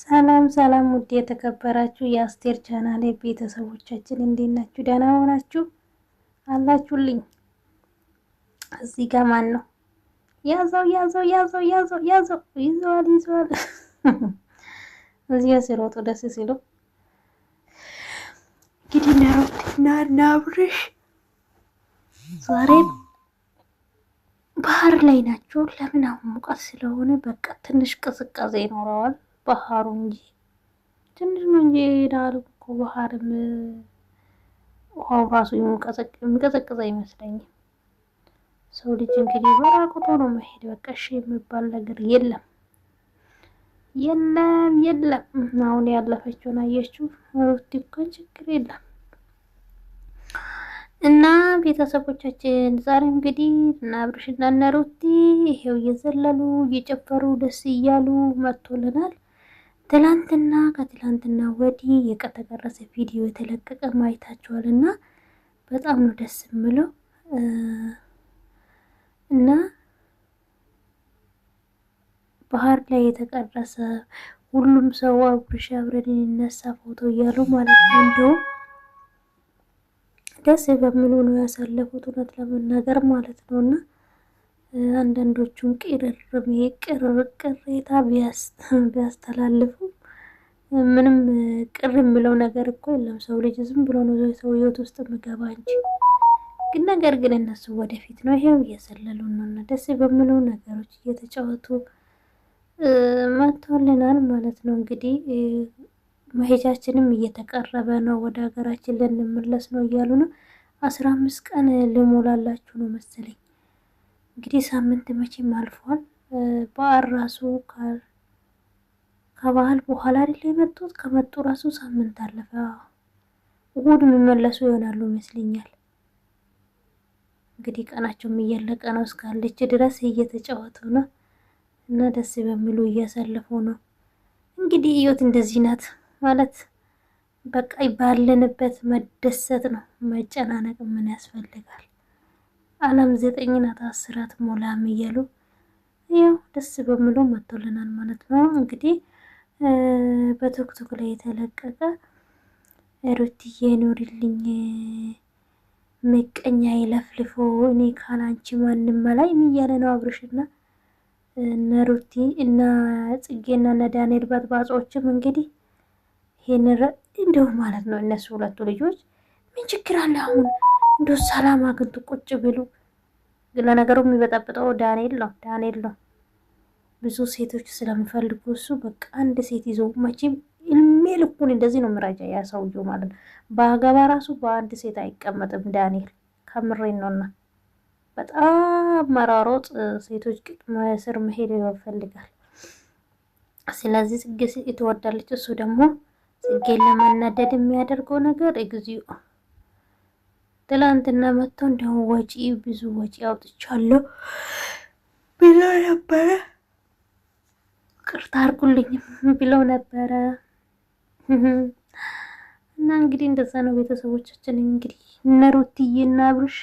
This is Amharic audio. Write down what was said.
ሰላም ሰላም ውድ የተከበራችሁ የአስቴር ቻናሌ ቤተሰቦቻችን እንዴት ናችሁ? ደህና ሆናችሁ አላችሁልኝ? እዚህ ጋር ማን ነው ያዘው ያዘው ያዘው ያዘው ያዘው ይዘዋል ይዘዋል። እዚያ ሲሮጡ ደስ ሲሉ እንግዲህ ናሩትና ናብርሽ ዛሬ ባህር ላይ ናቸው። ለምን አሁን ሙቀት ስለሆነ በቃ ትንሽ ቅዝቃዜ ይኖረዋል። ባህሩ እንጂ ትንሽ ነው እንጂ ይሄዳል እኮ ባህርም ውሃው ራሱ የሚቀዘቅዝ አይመስለኝም። ሰው ልጅ እንግዲህ በራቁቶ ነው መሄድ። በቃ እሺ የሚባል ነገር የለም የለም የለም። አሁን ያለፈችውን አየችው ሩቲ እኮን ችግር የለም። እና ቤተሰቦቻችን ዛሬ እንግዲህ እና አብርሽና እነ ሩቲ ይሄው እየዘለሉ እየጨፈሩ ደስ እያሉ መጥቶልናል። ትላንትና ከትላንትና ወዲህ የቀተቀረሰ ቪዲዮ የተለቀቀ ማየታችኋል እና በጣም ነው ደስ የምለው እና ባህር ላይ የተቀረሰ ሁሉም ሰው አብርሽ አብረን የሚነሳ ፎቶ እያሉ ማለት ነው። እንዲሁም ደስ በሚሉ ነው ያሳለፉት እውነት ለመናገር ማለት ነው እና አንዳንዶቹም ቅርር ቅርር ቅሬታ ቢያስተላልፉ ምንም ቅር የሚለው ነገር እኮ የለም። ሰው ልጅ ዝም ብሎ ነው ሰው ህይወት ውስጥ ምገባ እንጂ ግን ነገር ግን እነሱ ወደፊት ነው ይሄው እየዘለሉ ነው። ደስ በምለው ነገሮች እየተጫወቱ መጥቶልናል ማለት ነው። እንግዲህ መሄጃችንም እየተቀረበ ነው፣ ወደ ሀገራችን ልንመለስ ነው እያሉ ነው። አስራ አምስት ቀን ልሞላላችሁ ነው መሰለኝ እንግዲህ ሳምንት መቼም አልፏል። በዓል ራሱ ከበዓል በኋላ አይደል የመጡት? ከመጡ ራሱ ሳምንት አለፈ። እሑድ የሚመለሱ ይሆናሉ ይመስለኛል። እንግዲህ ቀናቸውም እያለቀ ነው። እስካለች ድረስ እየተጫወቱ ነው እና ደስ በሚሉ እያሳለፉ ነው። እንግዲህ እዮት እንደዚህ ናት ማለት በቃ ባለንበት መደሰት ነው። መጨናነቅ ምን ያስፈልጋል? አለም ዘጠኝ ናት አስራት ሞላም እያሉ ያው ደስ በሚሉ መጥቶልናል ማለት ነው። እንግዲህ በቲክቶክ ላይ የተለቀቀ ሩትዬ ኑሪልኝ ምቀኛ ይለፍልፎ እኔ ካላንቺ ማንም ላይ እያለ ነው አብርሽና እነ ሩቲ እና ጽጌና እነ ዳንኤል በጥባጾችም እንግዲህ ይሄን እንደው ማለት ነው እነሱ ሁለቱ ልጆች ምን ችግር አለ አሁን እንዶ ሰላም አግኝቱ ቁጭ ብሉ። ለነገሩ የሚበጠብጠው ዳንኤል ነው። ዳንኤል ነው ብዙ ሴቶች ስለሚፈልጉ እሱ በቃ አንድ ሴት ይዞ መቼም እልሜ ልኩን እንደዚህ ነው ምራጃ ያ ሰውዬው ማለት ነው። በአገባ ራሱ በአንድ ሴት አይቀመጥም ዳንኤል ከምሬን ነውና በጣም መራሮጥ ሴቶች ስር መሄድ ይፈልጋል። ስለዚህ ጽጌ ትወዳለች። እሱ ደግሞ ጽጌን ለማናደድ የሚያደርገው ነገር እግዚኦ ትላንትና መጥቶ እንደው ወጪ ብዙ ወጪ አውጥቻለሁ ብሎ ነበረ። ቅርታ አርጉልኝ ብለው ነበረ። እና እንግዲህ እንደዛ ነው ቤተሰቦቻችን። እንግዲህ እነ ሩትዬ እና አብርሽ